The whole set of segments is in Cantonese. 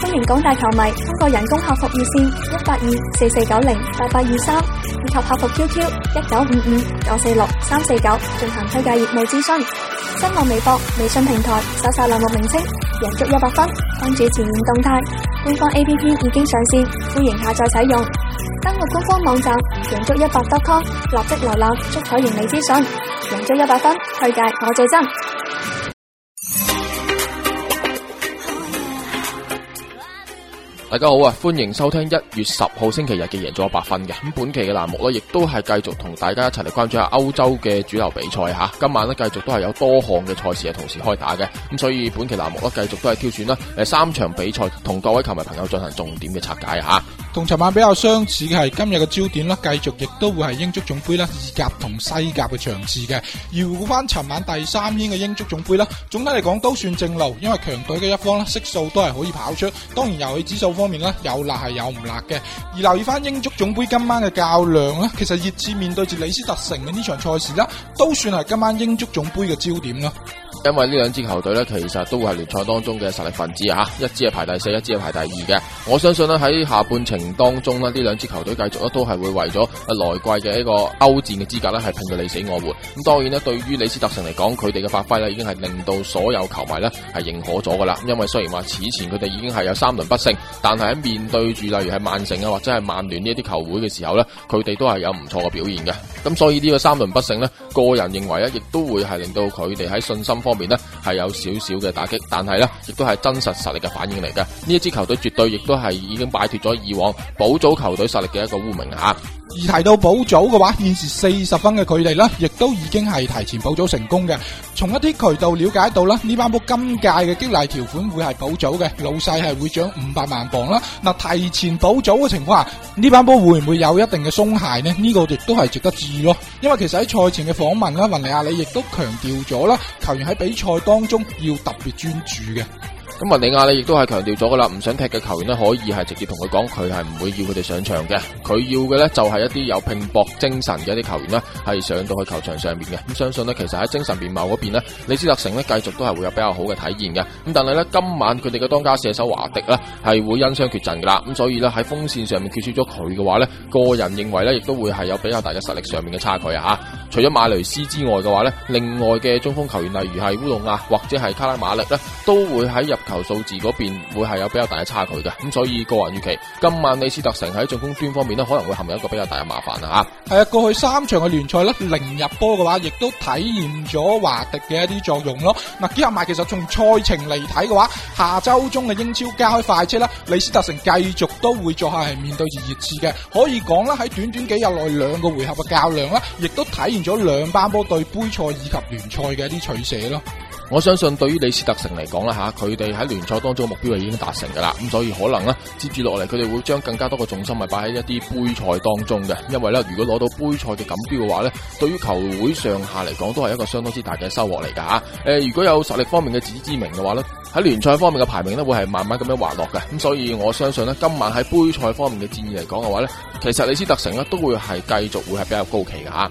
歡迎廣大球迷通過人工客服熱線一八二四四九零八八二三以及客服 QQ 一九五五九四六三四九進行推介業務諮詢。新浪微博、微信平台搜索欄目名稱贏足一百分，關注前沿動態。官方 APP 已經上線，歡迎下載使用。登錄官方網站贏足一百 .com，立即瀏覽足彩盈利資訊。贏足一百分，推介我最真。大家好啊，歡迎收聽一月十號星期日嘅贏足 100FUN 嘅。咁本期嘅欄目咧，亦都係繼續同大家一齊嚟關注一下歐洲嘅主流比賽吓。今晚咧，繼續都係有多項嘅賽事係同時開打嘅，咁所以本期欄目咧繼續都係挑選啦，誒三場比賽同各位球迷朋友進行重點嘅拆解吓。同尋晚比較相似嘅係今日嘅焦點啦，繼續亦都會係英足總盃啦，意甲同西甲嘅場次嘅。回顧翻尋晚第三天嘅英足總盃啦，總體嚟講都算正路，因為強隊嘅一方啦，色數都係可以跑出。當然遊戲指數方面啦，有辣係有唔辣嘅。而留意翻英足總盃今晚嘅較量啦，其實熱刺面對住李斯特城嘅呢場賽事啦，都算係今晚英足總盃嘅焦點啦。因為呢兩支球隊呢，其實都會係聯賽當中嘅實力分子吓，一支係排第四，一支係排第二嘅。我相信呢，喺下半程當中呢，呢兩支球隊繼續咧都係會為咗啊來季嘅一個歐戰嘅資格呢係拼到你死我活。咁當然呢，對於李斯特城嚟講，佢哋嘅發揮呢已經係令到所有球迷呢係認可咗噶啦。因為雖然話此前佢哋已經係有三輪不勝，但係喺面對住例如係曼城啊或者係曼聯呢啲球會嘅時候呢，佢哋都係有唔錯嘅表現嘅。咁所以呢個三輪不勝呢，個人認為呢亦都會係令到佢哋喺信心方方面呢係有少少嘅打擊，但係呢亦都係真實實力嘅反應嚟嘅。呢一支球隊絕對亦都係已經擺脫咗以往保組球隊實力嘅一個污名啊！而提到保組嘅話，現時四十分嘅佢哋啦，亦都已經係提前保組成功嘅。從一啲渠道了解到啦，呢班波今屆嘅激勵條款會係保組嘅，老細係會漲五百萬磅啦。嗱，提前保組嘅情況下，呢班波會唔會有一定嘅鬆懈呢？呢個亦都係值得注意咯。因為其實喺賽前嘅訪問啦，雲尼亞里亦都強調咗啦，球員喺比賽當中要特別專注嘅。咁文尼亞咧亦都係強調咗噶啦，唔想踢嘅球員呢，可以係直接同佢講，佢係唔會要佢哋上場嘅。佢要嘅呢，就係一啲有拼搏精神嘅一啲球員呢，係上到去球場上面嘅。咁相信呢，其實喺精神面貌嗰邊呢，李斯特城呢，繼續都係會有比較好嘅體驗嘅。咁但係呢，今晚佢哋嘅當家射手華迪呢，係會因傷缺陣噶啦。咁所以呢，喺鋒線上面缺少咗佢嘅話呢，個人認為呢，亦都會係有比較大嘅實力上面嘅差距啊。吓，除咗馬雷斯之外嘅話呢，另外嘅中鋒球員例如係烏龍亞或者係卡拉馬力呢，都會喺入頭數字嗰邊會係有比較大嘅差距嘅，咁所以個人預期今晚李斯特城喺進攻端方面咧，可能會陷入一個比較大嘅麻煩啦吓。係啊，過去三場嘅聯賽咧零入波嘅話，亦都體現咗華迪嘅一啲作用咯。嗱、啊，加埋其實從賽程嚟睇嘅話，下周中嘅英超加開快車啦，李斯特城繼續都會作客係面對住熱刺嘅，可以講啦喺短短幾日內兩個回合嘅較量咧，亦都體現咗兩班波對杯賽以及聯賽嘅一啲取捨咯。我相信對於李斯特城嚟講啦，嚇佢哋喺聯賽當中嘅目標係已經達成噶啦，咁所以可能咧接住落嚟佢哋會將更加多嘅重心係擺喺一啲杯賽當中嘅，因為咧如果攞到杯賽嘅錦標嘅話咧，對於球會上下嚟講都係一個相當之大嘅收穫嚟㗎嚇。誒、呃、如果有實力方面嘅自知之明嘅話咧，喺聯賽方面嘅排名咧會係慢慢咁樣滑落嘅，咁所以我相信咧今晚喺杯賽方面嘅戰意嚟講嘅話咧，其實李斯特城咧都會係繼續會係比較高期嘅嚇。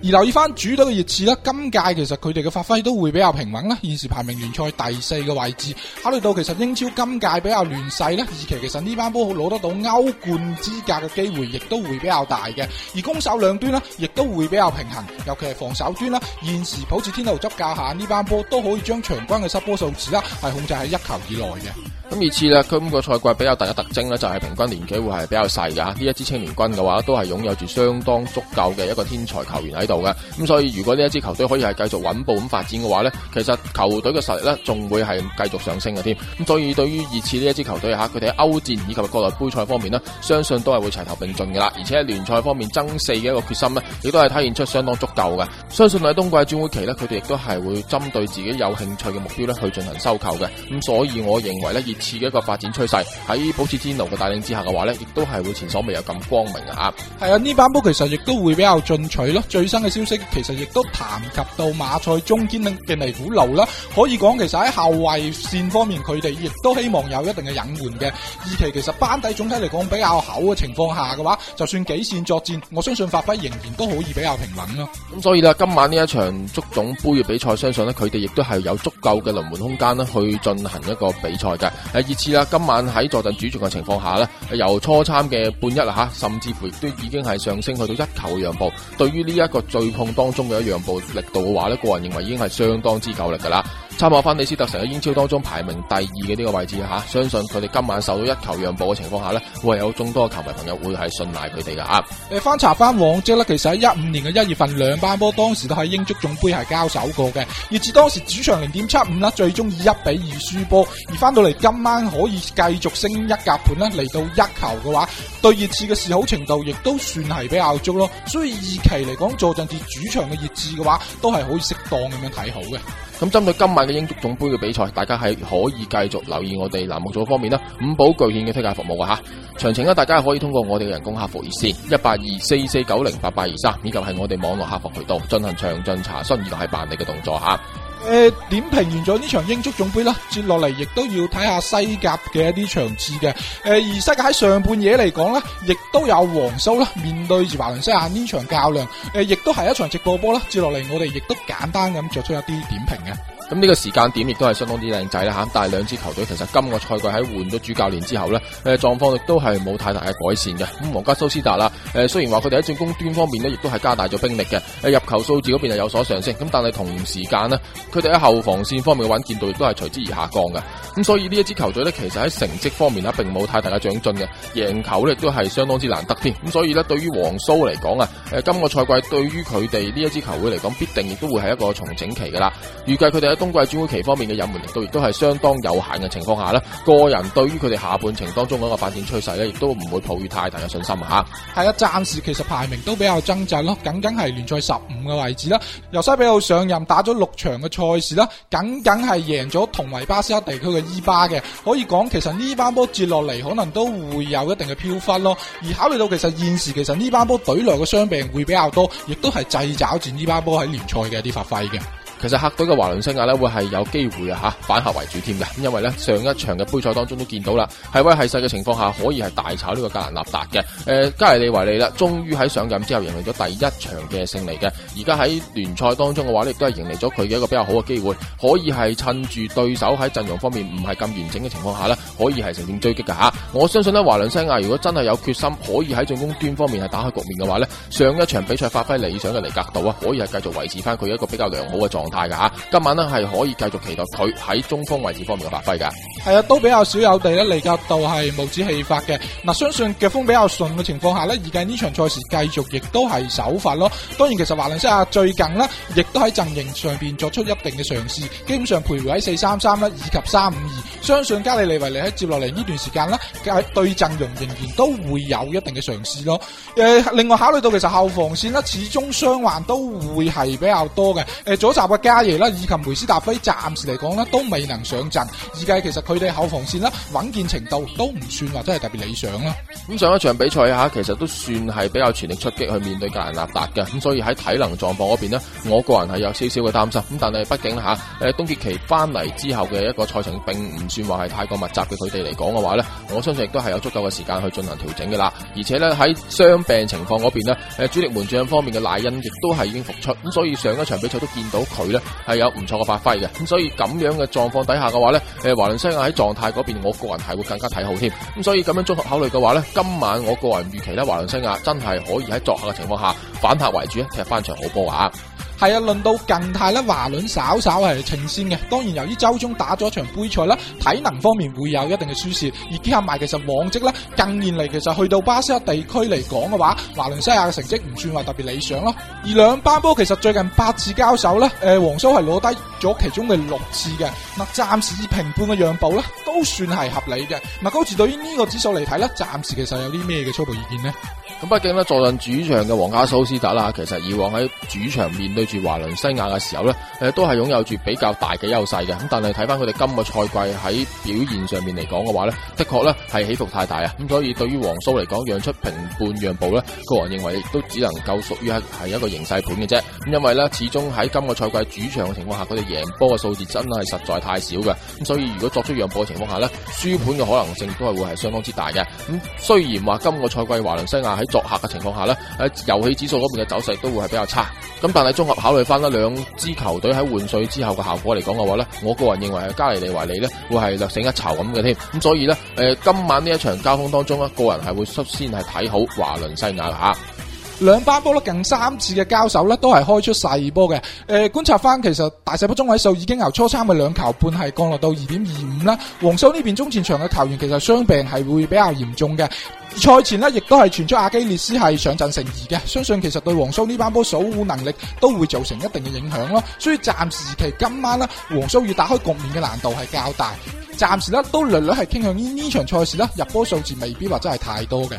而留意翻主隊嘅熱刺咧，今屆其實佢哋嘅發揮都會比較平穩啦。現時排名聯賽第四嘅位置，考慮到其實英超今屆比較亂世呢，二期其實呢班波好攞得到歐冠資格嘅機會亦都會比較大嘅。而攻守兩端呢亦都會比較平衡，尤其係防守端啦。現時普捷天奴執教下，呢班波都可以將場均嘅失波數字啦係控制喺一球以內嘅。咁熱刺呢，佢五個賽季比較大嘅特徵呢，就係、是、平均年紀會係比較細嘅。呢一支青年軍嘅話，都係擁有住相當足夠嘅一個天才球員喺度嘅，咁、嗯、所以如果呢一支球隊可以係繼續穩步咁發展嘅話呢，其實球隊嘅實力呢仲會係繼續上升嘅添。咁、嗯、所以對於熱刺呢一支球隊吓，佢哋喺歐戰以及國內盃賽方面呢，相信都係會齊頭並進噶啦。而且聯賽方面爭四嘅一個決心呢，亦都係體現出相當足夠嘅。相信喺冬季轉會期呢，佢哋亦都係會針對自己有興趣嘅目標呢去進行收購嘅。咁、嗯、所以我認為呢，熱刺嘅一個發展趨勢喺保持天奴嘅帶領之下嘅話呢，亦都係會前所未有咁光明的啊。吓。係啊，呢班波其實亦都會比較進取咯，最新嘅消息其實亦都談及到馬賽中堅嘅尼古路啦，可以講其實喺後衞線方面，佢哋亦都希望有一定嘅隱換嘅。二期其實班底總體嚟講比較厚嘅情況下嘅話，就算幾線作戰，我相信發揮仍然都可以比較平穩咯。咁所以啦，今晚呢一場足總杯嘅比賽，相信呢，佢哋亦都係有足夠嘅輪換空間啦，去進行一個比賽嘅。誒，其次啦，今晚喺坐鎮主場嘅情況下呢，由初參嘅半一啊嚇，甚至乎亦都已經係上升去到一球嘅讓步。對於呢一個對碰當中嘅一樣部力度嘅話，咧，個人認為已經係相當之夠力噶啦。參考翻，李斯特城喺英超當中排名第二嘅呢個位置吓，啊，相信佢哋今晚受到一球讓步嘅情況下咧，會有眾多嘅球迷朋友會係信賴佢哋㗎。啊！誒，翻查翻往績咧，其實喺一五年嘅一月份兩班波，當時都喺英足總杯係交手過嘅，熱刺當時主場零點七五啦，最終以一比二輸波。而翻到嚟今晚可以繼續升一甲盤，嚟到一球嘅話，對熱刺嘅示好程度，亦都算係比較足咯。所以二期嚟講，坐鎮至主場嘅熱刺嘅話，都係可以適當咁樣睇好嘅。咁針對今晚嘅英足總杯嘅比賽，大家係可以繼續留意我哋欄目組方面啦，五寶巨獻嘅推介服務㗎吓！詳情咧，大家係可以通過我哋嘅人工客服熱線一八二四四九零八八二三，23，以及係我哋網絡客服渠道進行詳盡查詢以及係辦理嘅動作吓。誒、呃，點評完咗呢場英足總盃啦，接落嚟亦都要睇下西甲嘅一啲場次嘅。誒、呃，而西甲喺上半夜嚟講咧，亦都有皇蘇啦，面對住華倫西亞呢場較量，誒、呃，亦都係一場直播波啦。接落嚟，我哋亦都簡單咁作出一啲點評嘅。咁呢個時間點亦都係相當之靚仔啦吓，但係兩支球隊其實今個賽季喺換咗主教練之後呢，誒狀況亦都係冇太大嘅改善嘅。咁皇家蘇斯達啦，誒雖然話佢哋喺進攻端方面呢，亦都係加大咗兵力嘅，入球數字嗰邊係有所上升，咁但係同時間呢，佢哋喺後防線方面嘅穩健度亦都係隨之而下降嘅。咁所以呢一支球隊呢，其實喺成績方面呢，並冇太大嘅長進嘅，贏球呢都係相當之難得添。咁所以呢，對於黃蘇嚟講啊，誒今個賽季對於佢哋呢一支球會嚟講，必定亦都會係一個重整期噶啦。預計佢哋冬季轉會期方面嘅引援力度亦都係相當有限嘅情況下咧，個人對於佢哋下半程當中嗰個發展趨勢呢，亦都唔會抱住太大嘅信心啊！吓，係啊，暫時其實排名都比較掙扎咯，僅僅係聯賽十五嘅位置啦。由西比奧上任打咗六場嘅賽事啦，僅僅係贏咗同為巴斯克地區嘅伊巴嘅，可以講其實呢班波接落嚟可能都會有一定嘅飄忽咯。而考慮到其實現時其實呢班波隊內嘅傷病會比較多，亦都係掣肘住呢班波喺聯賽嘅一啲發揮嘅。其實客隊嘅華倫西亞呢，會係有機會啊吓反客為主添嘅，因為呢，上一場嘅杯賽當中都見到啦，係威係勢嘅情況下可以係大炒呢個格蘭納達嘅。誒、呃、加利維利啦，終於喺上任之後贏嚟咗第一場嘅勝利嘅，而家喺聯賽當中嘅話亦都係贏嚟咗佢嘅一個比較好嘅機會，可以係趁住對手喺陣容方面唔係咁完整嘅情況下呢，可以係乘勝追擊嘅吓，我相信呢，華倫西亞如果真係有決心可以喺進攻端方面係打開局面嘅話呢，上一場比賽發揮理想嘅離格度啊，可以係繼續維持翻佢一個比較良好嘅狀大噶吓，今晚呢，係可以繼續期待佢喺中鋒位置方面嘅發揮嘅。係啊，都比較少有地咧嚟及到係帽子戲法嘅。嗱，相信腳風比較順嘅情況下呢，預計呢場賽事繼續亦都係首發咯。當然，其實華倫西亞最近呢，亦都喺陣型上邊作出一定嘅嘗試。基本上徘徊喺四三三啦，以及三五二。相信加利尼維尼喺接落嚟呢段時間呢，喺對陣容仍然都會有一定嘅嘗試咯。誒，另外考慮到其實後防線呢，始終傷患都會係比較多嘅。誒，左閘加耶啦，以及梅斯達菲暫時嚟講咧都未能上陣，而家其實佢哋後防線咧穩健程度都唔算話真係特別理想啦。咁上一場比賽吓，其實都算係比較全力出擊去面對格蘭納達嘅，咁所以喺體能狀況嗰邊呢，我個人係有少少嘅擔心。咁但係畢竟吓，誒冬歇期翻嚟之後嘅一個賽程，並唔算話係太過密集嘅，佢哋嚟講嘅話呢，我相信亦都係有足夠嘅時間去進行調整嘅啦。而且呢，喺傷病情況嗰邊呢，誒主力門將方面嘅賴恩亦都係已經復出，咁所以上一場比賽都見到佢。係有唔錯嘅發揮嘅，咁所以咁樣嘅狀況底下嘅話咧，誒，華倫西亞喺狀態嗰邊，我個人係會更加睇好添，咁所以咁樣綜合考慮嘅話咧，今晚我個人預期咧，華倫西亞真係可以喺作客嘅情況下反客為主咧，踢翻場好波啊！係啊，輪到近泰啦，華倫稍稍係呈先嘅。當然，由於周中打咗場杯賽啦，體能方面會有一定嘅輸蝕。而結合埋其實往績啦，近年嚟，其實去到巴西亞地區嚟講嘅話，華倫西亞嘅成績唔算話特別理想咯。而兩班波其實最近八次交手咧，誒、呃，黃蘇係攞低咗其中嘅六次嘅。嗱，暫時以評判嘅讓步咧，都算係合理嘅。嗱，高志對於呢個指數嚟睇咧，暫時其實有啲咩嘅初步意見呢？咁畢竟咧坐陣主場嘅皇家蘇斯達啦，其實以往喺主場面對住華倫西亞嘅時候咧，誒都係擁有住比較大嘅優勢嘅。咁但係睇翻佢哋今個賽季喺表現上面嚟講嘅話咧，的確咧係起伏太大啊。咁所以對於黃蘇嚟講，讓出平半讓步咧，個人認為亦都只能夠屬於係一個形勢盤嘅啫。咁因為咧，始終喺今個賽季主場嘅情況下，佢哋贏波嘅數字真係實在太少嘅。咁所以如果作出讓步嘅情況下咧，輸盤嘅可能性都係會係相當之大嘅。咁雖然話今個賽季華倫西亞喺作客嘅情況下咧，喺遊戲指數嗰邊嘅走勢都會係比較差。咁但係綜合考慮翻呢兩支球隊喺換帥之後嘅效果嚟講嘅話咧，我個人認為係加尼利維利咧會係略勝一籌咁嘅添。咁所以咧，誒今晚呢一場交鋒當中咧，個人係會率先係睇好華倫西亞啦吓。兩班波咧近三次嘅交手咧都係開出細波嘅，誒、呃、觀察翻其實大細波中位數已經由初三嘅兩球半係降落到二點二五啦。黃蘇呢邊中前場嘅球員其實傷病係會比較嚴重嘅，賽前呢亦都係傳出阿基列斯係上陣成疑嘅，相信其實對黃蘇呢班波守護能力都會造成一定嘅影響咯。所以暫時期今晚咧黃蘇要打開局面嘅難度係較大，暫時呢都略略係傾向於呢呢場賽事啦，入波數字未必話真係太多嘅。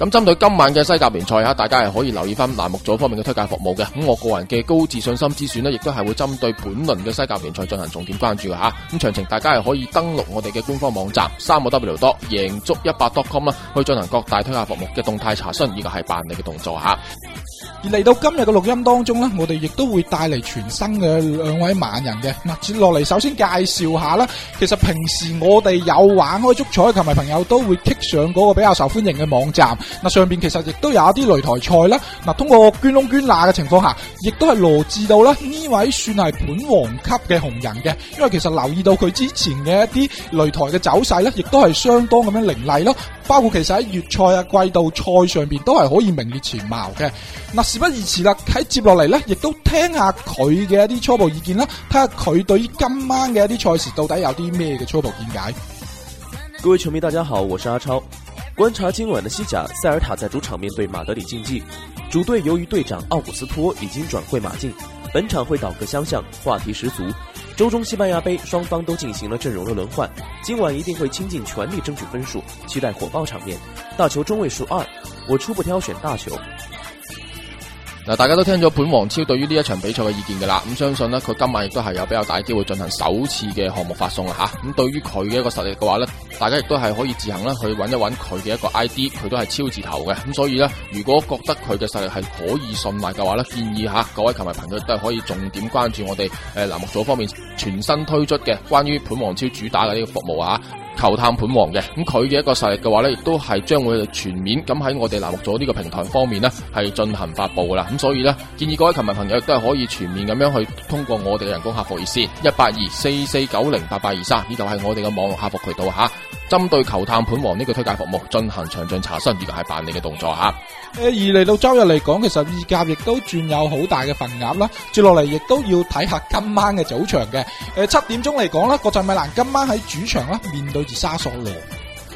咁針對今晚嘅西甲聯賽嚇，大家係可以留意翻欄目組方面嘅推介服務嘅。咁我個人嘅高自信心之選呢亦都係會針對本輪嘅西甲聯賽進行重點關注嘅嚇。咁詳情大家係可以登錄我哋嘅官方網站三個 W 多贏足一百 .com 啦，去進行各大推介服務嘅動態查詢，以及係辦理嘅動作嚇。而嚟到今日嘅錄音當中呢，我哋亦都會帶嚟全新嘅兩位猛人嘅。嗱、啊，接落嚟首先介紹下啦。其實平時我哋有玩開足彩嘅球迷朋友都會 k 上嗰個比較受歡迎嘅網站。嗱、啊，上邊其實亦都有一啲擂台賽啦。嗱、啊，通過捐窿捐罅嘅情況下，亦都係羅致到啦，呢位算係本王級嘅紅人嘅，因為其實留意到佢之前嘅一啲擂台嘅走勢呢，亦都係相當咁樣凌厲咯。包括其實喺月賽啊、季度賽上邊都係可以名列前茅嘅。嗱，事不宜遲啦，喺接落嚟呢，亦都聽下佢嘅一啲初步意見啦，睇下佢對於今晚嘅一啲賽事到底有啲咩嘅初步見解。各位球迷，大家好，我是阿超。觀察今晚嘅西甲，塞爾塔在主場面對馬德里競技，主隊由於隊長奧古斯托已經轉會馬競，本場會倒戈相向，話題十足。周中西班牙杯，雙方都進行了陣容的輪換，今晚一定會傾盡全力爭取分數，期待火爆場面。大球中位數二，我初步挑選大球。嗱，大家都聽咗本王超對於呢一場比賽嘅意見㗎啦，咁相信呢，佢今晚亦都係有比較大機會進行首次嘅項目發送啦吓。咁對於佢嘅一個實力嘅話呢，大家亦都係可以自行咧去搵一搵佢嘅一個 ID，佢都係超字頭嘅。咁所以呢，如果覺得佢嘅實力係可以信賴嘅話呢，建議吓各位球迷朋友都係可以重點關注我哋誒欄目組方面全新推出嘅關於本王超主打嘅呢個服務啊。球探盤王嘅，咁佢嘅一個實力嘅話呢，亦都係將會全面咁喺我哋欄目組呢個平台方面呢，係進行發佈噶啦，咁所以呢，建議各位球迷朋友亦都係可以全面咁樣去通過我哋嘅人工客服熱線一八二四四九零八八二三，呢度係我哋嘅網絡客服渠道吓。針對球探盤王呢個推介服務進行詳盡查詢以及係辦理嘅動作吓。誒，而嚟到周日嚟講，其實意甲亦都轉有好大嘅份額啦。接落嚟，亦都要睇下今晚嘅早場嘅。誒、呃，七點鐘嚟講啦，國際米蘭今晚喺主場啦，面對住沙索羅。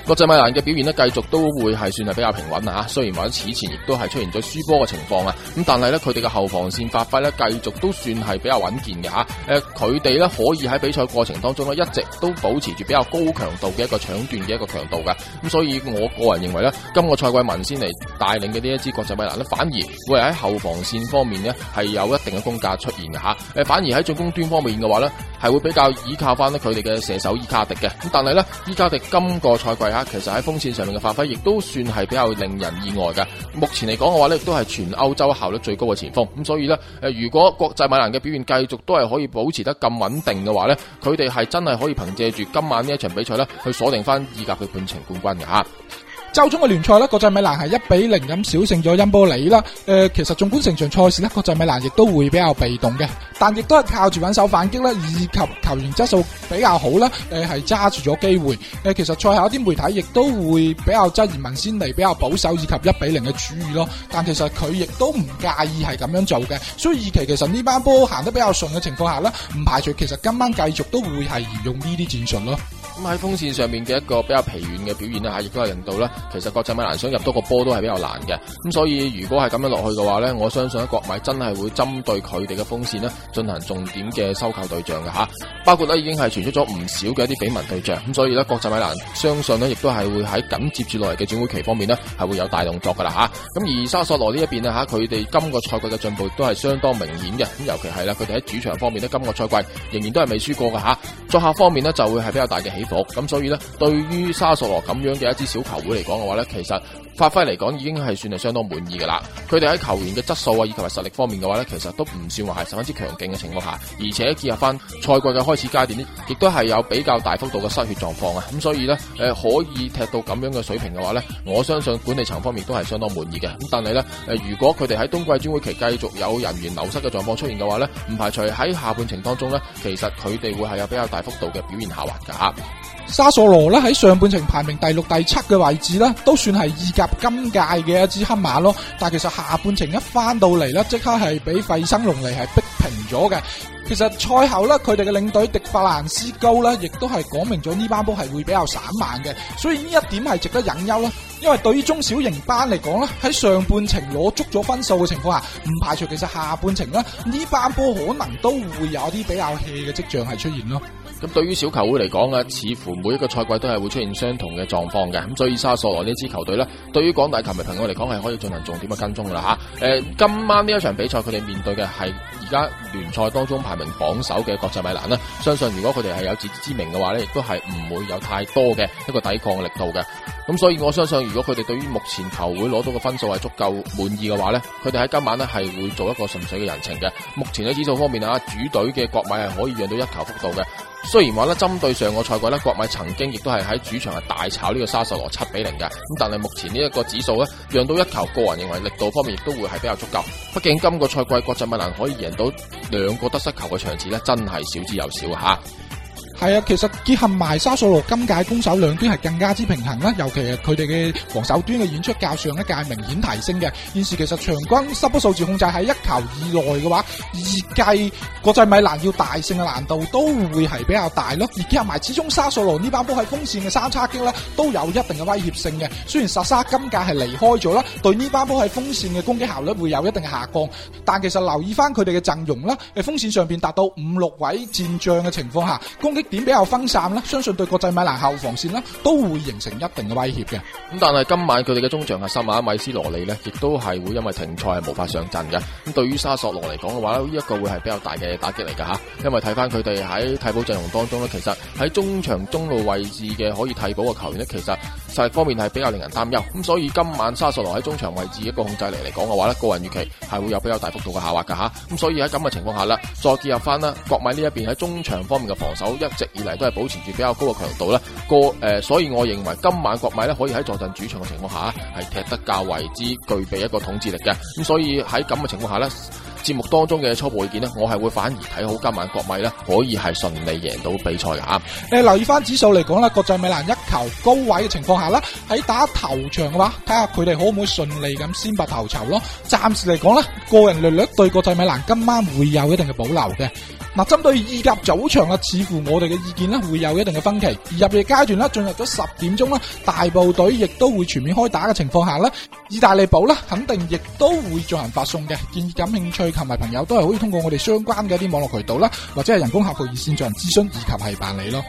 國際米蘭嘅表現咧，繼續都會係算係比較平穩啊！雖然話此前亦都係出現咗輸波嘅情況啊，咁但係咧佢哋嘅後防線發揮咧，繼續都算係比較穩健嘅吓。誒，佢哋咧可以喺比賽過程當中咧，一直都保持住比較高強度嘅一個搶斷嘅一個強度嘅。咁所以我個人認為咧，今個賽季文先嚟帶領嘅呢一支國際米蘭反而會喺後防線方面呢係有一定嘅功架出現吓。誒，反而喺進攻端方面嘅話呢係會比較依靠翻佢哋嘅射手伊卡迪嘅。咁但係呢，伊卡迪今個賽季。其實喺鋒線上面嘅發揮，亦都算係比較令人意外㗎。目前嚟講嘅話呢，都係全歐洲效率最高嘅前鋒。咁所以呢，誒，如果國際米蘭嘅表現繼續都係可以保持得咁穩定嘅話呢，佢哋係真係可以憑借住今晚呢一場比賽呢，去鎖定翻意甲嘅半程冠軍嘅吓。周中嘅聯賽咧，國際米蘭係一比零咁小勝咗恩波里啦。誒、呃，其實縱觀成場賽事咧，國際米蘭亦都會比較被動嘅，但亦都係靠住穩守反擊啦，以及球員質素比較好啦，誒係揸住咗機會。誒、呃，其實賽後一啲媒體亦都會比較質疑文仙尼比較保守以及一比零嘅主意咯。但其實佢亦都唔介意係咁樣做嘅。所以二期其，其實呢班波行得比較順嘅情況下呢，唔排除其實今晚繼續都會係沿用呢啲戰術咯。咁喺鋒線上面嘅一個比較疲軟嘅表現啦嚇，亦都係令到咧，其實國際米蘭想入多個波都係比較難嘅。咁所以如果係咁樣落去嘅話咧，我相信國米真係會針對佢哋嘅鋒線咧，進行重點嘅收購對象嘅嚇。包括咧已經係傳出咗唔少嘅一啲緋聞對象。咁所以咧，國際米蘭相信呢亦都係會喺緊接住落嚟嘅轉會期方面呢係會有大動作嘅啦嚇。咁而沙索羅呢一邊呢，嚇，佢哋今個賽季嘅進步都係相當明顯嘅。咁尤其係啦，佢哋喺主場方面呢，今個賽季仍然都係未輸過嘅嚇。作客方面呢，就會係比較大嘅起。咁所以咧，對於沙索羅咁樣嘅一支小球會嚟講嘅話咧，其實。發揮嚟講已經係算係相當滿意噶啦，佢哋喺球員嘅質素啊，以及係實力方面嘅話呢，其實都唔算話係十分之強勁嘅情況下，而且結合翻賽季嘅開始階段，亦都係有比較大幅度嘅失血狀況啊，咁所以呢，誒可以踢到咁樣嘅水平嘅話呢，我相信管理層方面都係相當滿意嘅，咁但係呢，誒如果佢哋喺冬季轉會期繼續有人員流失嘅狀況出現嘅話呢，唔排除喺下半程當中呢，其實佢哋會係有比較大幅度嘅表現下滑噶。沙索羅啦喺上半程排名第六、第七嘅位置啦，都算係意甲今屆嘅一支黑馬咯。但係其實下半程一翻到嚟咧，即刻係俾費生隆嚟係逼平咗嘅。其實賽後咧，佢哋嘅領隊迪法蘭斯高咧，亦都係講明咗呢班波係會比較散漫嘅。所以呢一點係值得隱憂咯。因為對於中小型班嚟講咧，喺上半程攞足咗分數嘅情況下，唔排除其實下半程咧，呢班波可能都會有啲比較 hea 嘅跡象係出現咯。咁對於小球會嚟講啊，似乎每一個賽季都係會出現相同嘅狀況嘅。咁所以沙索羅呢支球隊呢，對於廣大球迷朋友嚟講係可以進行重點嘅跟蹤噶啦吓，誒，今晚呢一場比賽佢哋面對嘅係而家聯賽當中排名榜首嘅國際米蘭啦，相信如果佢哋係有自知之明嘅話呢，亦都係唔會有太多嘅一個抵抗力度嘅。咁所以我相信，如果佢哋對於目前球會攞到嘅分數係足夠滿意嘅話呢，佢哋喺今晚咧係會做一個純粹嘅人情嘅。目前喺指數方面啊，主隊嘅國米係可以讓到一球幅度嘅。雖然話咧，針對上個賽季咧，國米曾經亦都係喺主場係大炒呢個沙索羅七比零嘅。咁但係目前呢一個指數呢，讓到一球，個人認為力度方面亦都會係比較足夠。畢竟今個賽季國際米蘭可以贏到兩個得失球嘅場次咧，真係少之又少嚇。係啊、哎，其實結合埋沙索羅今屆攻守兩端係更加之平衡啦，尤其係佢哋嘅防守端嘅演出較上一屆明顯提升嘅。現時其實場均失波數字控制喺一球以內嘅話，預計國際米蘭要大勝嘅難度都會係比較大咯。而結合埋始終沙索羅呢班波喺鋒線嘅三叉戟咧，都有一定嘅威脅性嘅。雖然薩沙今屆係離開咗啦，對呢班波喺鋒線嘅攻擊效率會有一定嘅下降，但其實留意翻佢哋嘅陣容啦，誒鋒線上邊達到五六位戰將嘅情況下，攻擊。點比較分散啦？相信對國際米蘭後防線呢，都會形成一定嘅威脅嘅。咁但係今晚佢哋嘅中場核心米斯羅里呢，亦都係會因為停賽係無法上陣嘅。咁對於沙索羅嚟講嘅話呢，一個會係比較大嘅打擊嚟嘅吓。因為睇翻佢哋喺替補陣容當中呢，其實喺中場中路位置嘅可以替補嘅球員呢，其實實力方面係比較令人擔憂。咁所以今晚沙索羅喺中場位置一個控制力嚟講嘅話呢，個人預期係會有比較大幅度嘅下滑嘅吓。咁所以喺咁嘅情況下咧，再結合翻啦，國米呢一邊喺中場方面嘅防守一，一直以嚟都係保持住比較高嘅強度啦，個誒、呃，所以我認為今晚國米咧可以喺坐鎮主場嘅情況下，係踢得較為之具備一個統治力嘅。咁、嗯、所以喺咁嘅情況下咧，節目當中嘅初步意見呢，我係會反而睇好今晚國米咧可以係順利贏到比賽嘅、呃、留意留翻指數嚟講啦，國際米蘭一球高位嘅情況下啦，喺打頭場嘅話，睇下佢哋可唔可以順利咁先拔頭籌咯。暫時嚟講，呢個人略略對國際米蘭今晚會有一定嘅保留嘅。嗱，針對意甲早場嘅，似乎我哋嘅意見咧會有一定嘅分歧。而入夜階段咧，進入咗十點鐘咧，大部隊亦都會全面開打嘅情況下咧，意大利保肯定亦都會進行發送嘅。建議感興趣及朋友都係可以通過我哋相關嘅一啲網絡渠道啦，或者係人工客服熱線進行諮詢以及係辦理咯。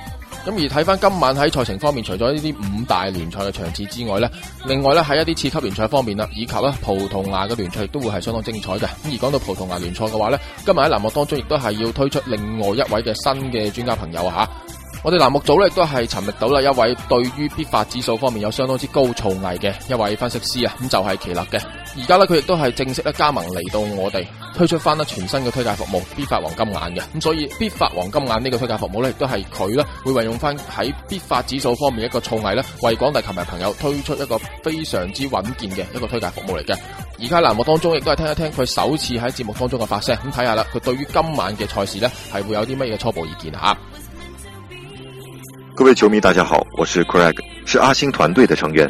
咁而睇翻今晚喺賽程方面，除咗呢啲五大聯賽嘅場次之外呢，另外呢喺一啲次級聯賽方面啦，以及咧葡萄牙嘅聯賽都會係相當精彩嘅。咁而講到葡萄牙聯賽嘅話呢，今日喺欄目當中亦都係要推出另外一位嘅新嘅專家朋友嚇。我哋欄目組呢亦都係尋覓到啦一位對於必發指數方面有相當之高造詣嘅一位分析師啊，咁就係、是、奇勒嘅。而家呢，佢亦都係正式咧加盟嚟到我哋。推出翻啦全新嘅推介服務必發黃金眼嘅，咁所以必發黃金眼呢個推介服務咧，亦都係佢咧會運用翻喺必發指數方面一個創意咧，為廣大球迷朋友推出一個非常之穩健嘅一個推介服務嚟嘅。而家欄目當中亦都係聽一聽佢首次喺節目當中嘅發聲，咁睇下啦，佢對於今晚嘅賽事咧係會有啲乜嘢初步意見吓啊。各位球迷大家好，我是 Craig，是阿星團隊嘅成員。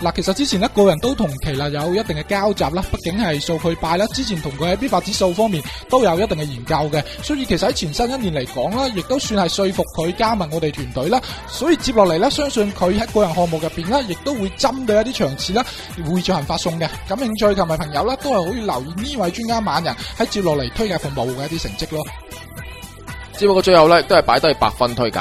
嗱，其實之前一個人都同其啦有一定嘅交集啦，畢竟係數據派啦，之前同佢喺必發指數方面都有一定嘅研究嘅，所以其實喺前身一年嚟講啦，亦都算係說服佢加盟我哋團隊啦。所以接落嚟咧，相信佢喺個人項目入邊咧，亦都會針對一啲場次啦，會進行發送嘅。感興趣同埋朋友啦，都係可以留意呢位專家猛人喺接落嚟推介服務嘅一啲成績咯。節目嘅最後咧，都係擺低百分推介。